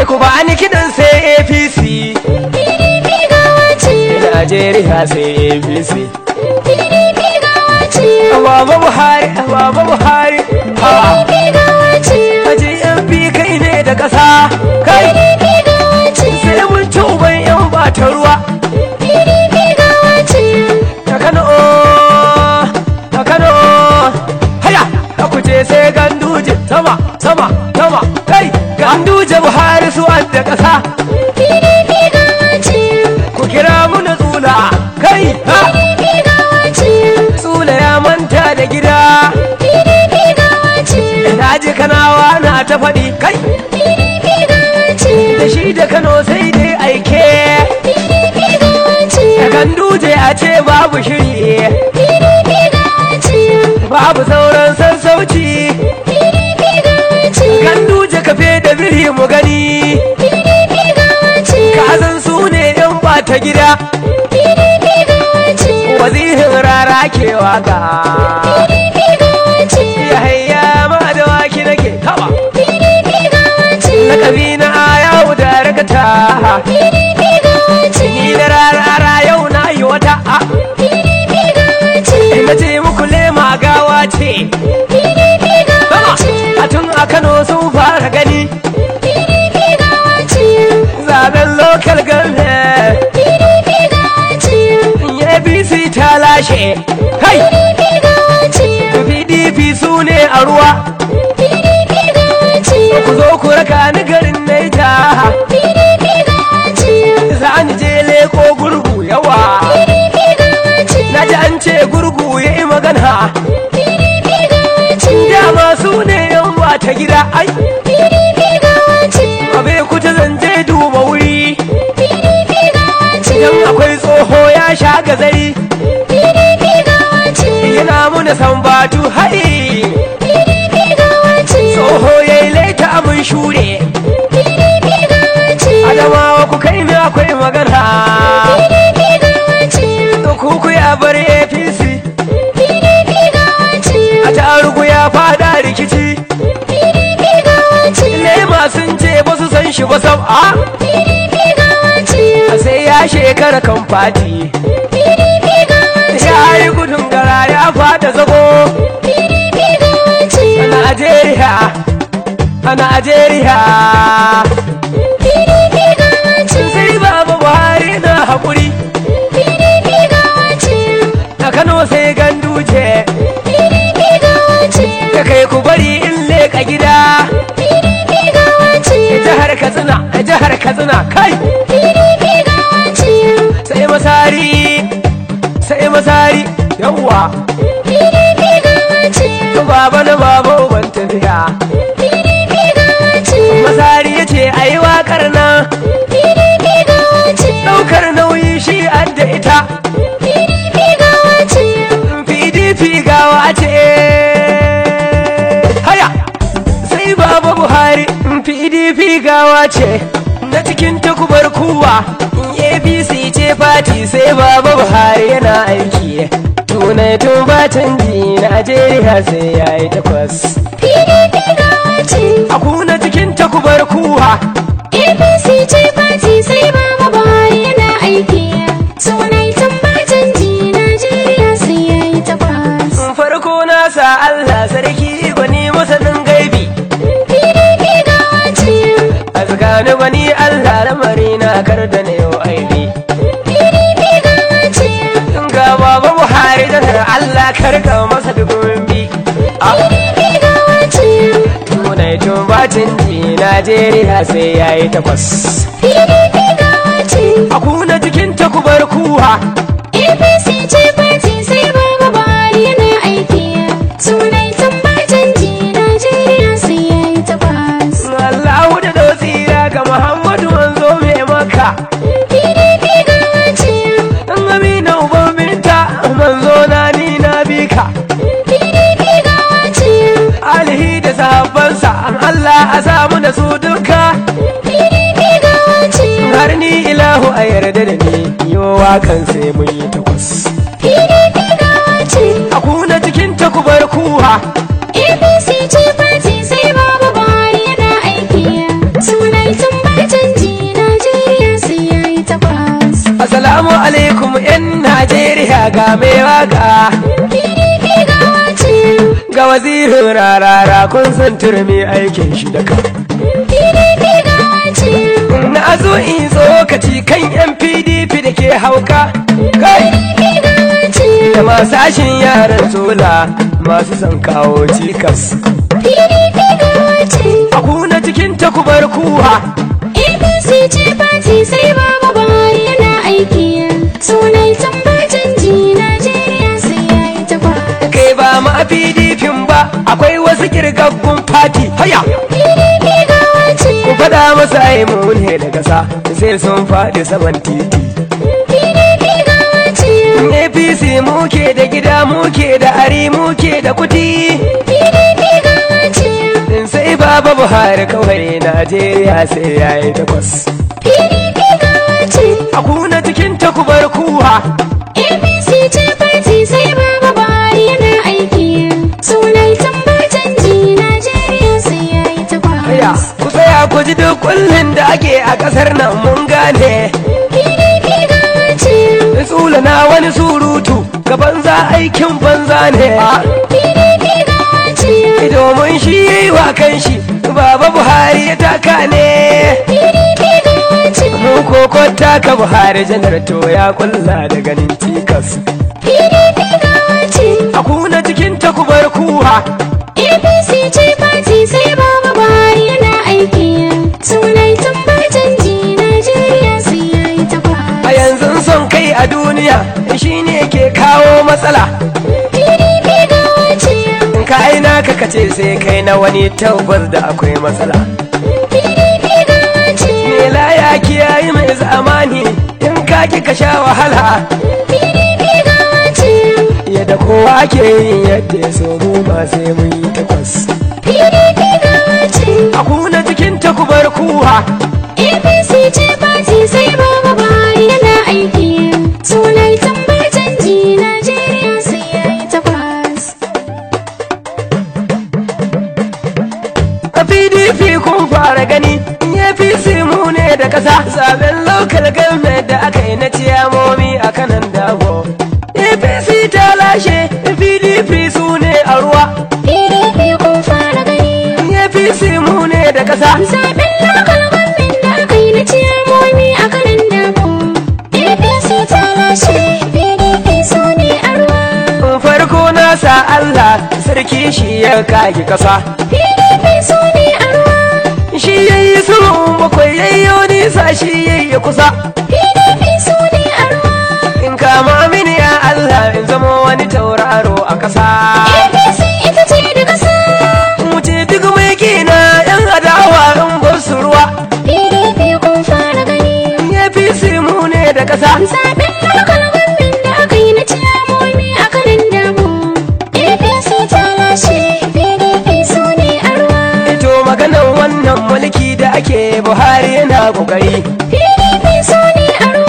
ke ku bani kiɗan sai apc najeriya sai apc pdp gawa ce baba buhari buhari kai ne da ƙasa sai mun ci uban yan bata ruwa ta buhari su da ƙasa pdp gawace ku kira muna tsula kai ha pdp gawace tsula ya manta da gida pdp gawace na ji kanawa na ta faɗi kai pdp gawace da shi da kano sai dai aike pdp gawace kan duje a ce babu shiri pdp gawace babu sauran sassauci shiri mu gani kazan su ne yan bata gida pdp wazirin rara ke waka ya gawa yahaya ma da waki nake kaba pdp gawa ce na kabina ayawu da rakata ni da rara yau na yi wata a pdp ce Hai! PDP su ne a ruwa. PDP gawace. Ku zo ku raka ni garin Naija. PDP gawace. Za ni je leko gurgu yawa. PDP gawace. Na ji an ce gurgu ya yi magana. PDP gawace. Dama su ne yan ta gida ai. PDP gawace. Abe ku ta zan je duba wuri. PDP gawace. Idan akwai tsoho ya sha gazari. kina muna sambatu hai PDP gawace Tsoho yayi laita amin shure PDP Adamawa ku kai ni akwai magana PDP Ku ya bar APC PDP gawace A tarugu ya fada rikici PDP gawace Nema sun ce ba su san shi ba sam ah. a Sai ya shekara kan fati da zago a Najeriya a Najeriya sai babu Buhari na haƙuri a Kano sai ganduje ta kai ku bari in leƙa gida jihar Katsina a jihar Katsina kai sai masari sai masari yawwa gaisuwa ce ta cikin takubar kuwa apc ce fati sai baba buhari yana aiki tuna tun ba canji najeriya sai ya yi takwas pdp na wace canji najeriya sai ya yi takwas pdp ga wace a kuna jikin takubar kuwa a yarda da ni yo wakan sai mun yi takwas pdp na wace a kuna cikin ta ku bar kuwa apc ce party sai babu buhari yana aiki sunan tun bar canji najeriya sai ya yi takwas assalamu alaikum yan najeriya ga mai waka pdp gawa ce. ga wazirin rarara kun san turmi aikin shi da kan in zo in tsokaci kan yan pdp da ke hauka kai da masu ashin yaran tola masu son kawo cikas a kuna cikin takubar kuwa apc ce fati sai babu buhari yana aiki sunai tambacin ji najeriya sai ya yi kai ba ma pdp ba akwai wasu kirgaggun fati haya ku faɗa masa ai mun he da kasa sai sun faɗi saman titi APC muke da gida muke da ari muke da In sai baba buhari kawai najeriya sai yayi takwas a kuna cikin takubar kuwa apc ce sai ba saurara ku ji duk kullum da ake a ƙasar nan mun gane tsula na wani surutu ga banza aikin banza ne domin shi ya yi wa kanshi baba buhari ya taka ne mun koko taka buhari janar to ya kulla da ganin cikas matsala ka aina ka kace sai kai na wani tabbas da akwai matsala me laya kiyayi mai zamani in ka ki ka sha wahala yadda kowa ke yin yadda ya so mu sai mun yi takwas a kuna cikin takubar kuwa apc ce ba fara gani in ya fi simu ne da kasa sabin local government da aka yi na ciyamomi a kanan dabo apc ta lashe pdp su ne a ruwa pdp kun fara gani in ya fi simu ne da kasa sabin local government da aka yi na ciyamomi a kanan dabo apc ta lashe pdp su ne a ruwa farko na allah sarki shi ya kage kasa pdp su ne yayi ya suru bakwai ya yi shi yi kusa pdp su ne a ruwa in ka mini ya allah in zama wani tauraro a kasa apc ita ce da kasa wuce duk mai gina yan adawa in ba su ruwa pdp kun fara gani apc mu ne da kasa kokari PDP so ne aro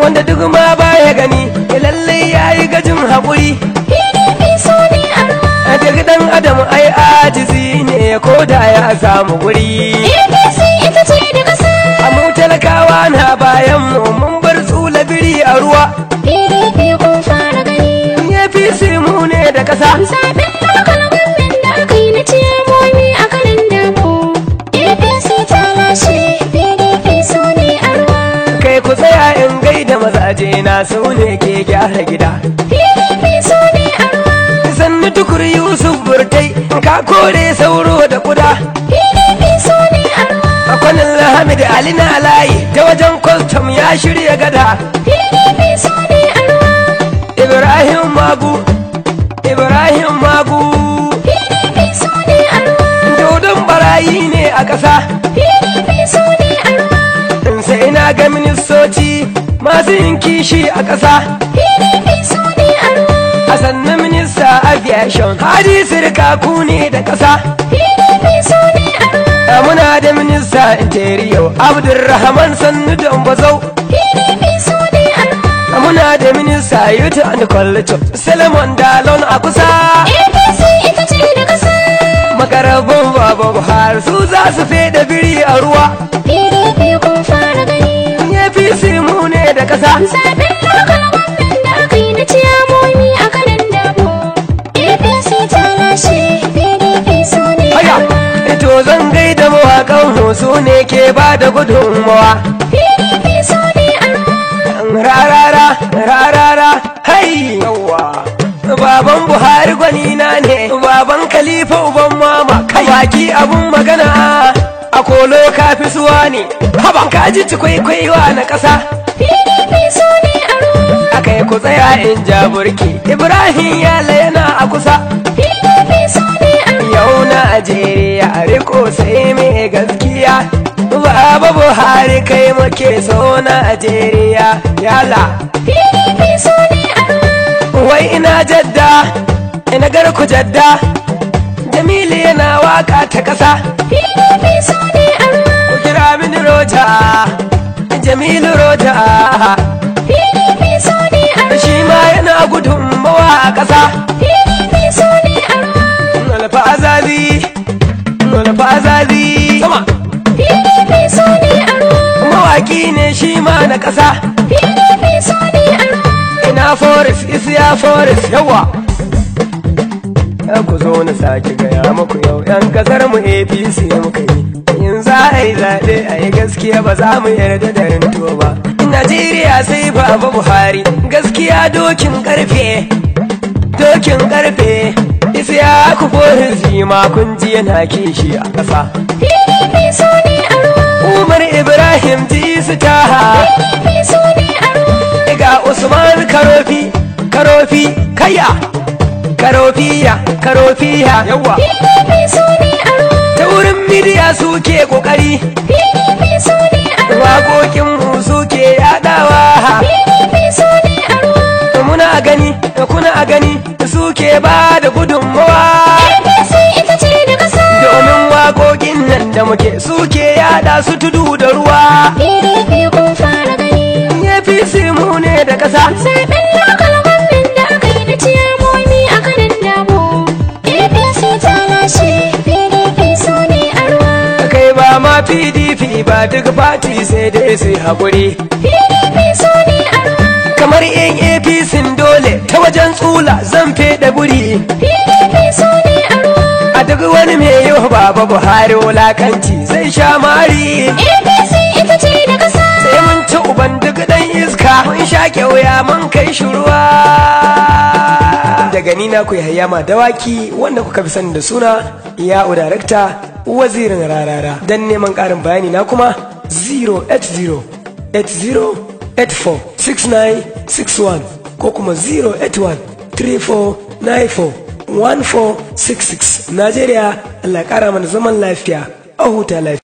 wanda duk ma baya gani lallai yayi gajin hakuri PDP so ne aro daga dan adam ai ajizi ne ko da ya samu guri APC ita ce da kasa amma talakawa na bayan mu mun bar tsula biri a ruwa PDP kun fara gani APC mu ne da kasa gyara gida Filifi su ne a ruwa sannu tukur Yusuf Burtai ka kore sauro da kuda Filifi su ne a ruwa a kwanan Hamid Ali na layi ta wajen kwastam ya shirya gada Filifi su ne a ruwa Ibrahim Magu Ibrahim Magu Filifi su ne a ruwa Dodon barayi ne a ƙasa Filifi su ne a ruwa Sai na gami masu yin kishi a ƙasa pdp su ne a ruwa sannan minista aviation hadi sirka kuni ne da ƙasa pdp su ne a ruwa muna da minista interior abdulrahman sannu don bazau pdp su ne a ruwa muna da minista youth and culture solomon dalon a kusa apc ita ce da ƙasa makarabin Babu buhari su za su da biri a ruwa pdp kun fara gani apc mu ne da ƙasa zaɓen lokal wannan da aka yi na ciyamomi a kanan dabo apc ta lashe pdp su ne ito zan gaida mawaƙan mu su ne ke ba da gudunmawa pdp su ne a rarara rarara hai yawa baban buhari gwanina ne baban khalifa uban mama kai baki abun ne haba ka ji ci kwaikwaiwa na ƙasa pdp so ne aro aka yi ku tsaya in ja burki ibrahim ya yana a kusa pdp so ne ruwa. yau na ajiyar a riko sai mai gaskiya baba buhari kai muke so na ajeriya yala pdp so ne wai ina jadda ina garku jadda Jamilu yana waka ta ƙasa. PDP ruwa. roja jamilu roja pdp so ne a shi ma yana gudunmawa a ƙasa pdp so ne a ruwa nalfa azali nalfa azali sama so ne a ruwa mawaki ne shi ma na ƙasa pdp so ne a ruwa ina forest isiya forest yawa ku zo na sake gaya muku yau 'yan kasar mu apc muka yi za a yi zaɓe a yi gaskiya ba za mu yarda da rinto ba najeriya sai baba buhari gaskiya dokin karfe dokin karfe ya ku bori zima kun ji yana kishi a ƙasa pdp su ne a ruwa umar ibrahim ji su taha pdp su ne a ruwa ga usman karofi karofi kaya karofiya karofiya yawa pdp su ne ta wurin midiya suke kokari pdp ne waƙoƙin mu suke yaɗawa. pdp ne muna gani da kuna a gani suke ba da gudunmawa apc ita ce da ƙasa domin waƙoƙin nan da muke suke yaɗa su tudu da ruwa pdp kun fara gani apc mu ne da ƙasa sai pdp ba duk fati sai dai sai haƙuri pdp so ne a ruwa kamar yan apc dole ta wajen tsula zan fede guri. pdp so ne a ruwa a duk wani mai yau baba buhari wulakanci zai sha mari apc ita ce da kasa sai mun ci uban duk dan iska mun sha kyauya mun kai shi ruwa da na ku yayama dawaki wanda kuka fi sani da suna iya'u darakta wazirin rarara don neman ƙarin bayani na kuma 08080846961 ko kuma 081 3494 1466 Najeriya Allah ƙara mana zaman lafiya a huta lafiya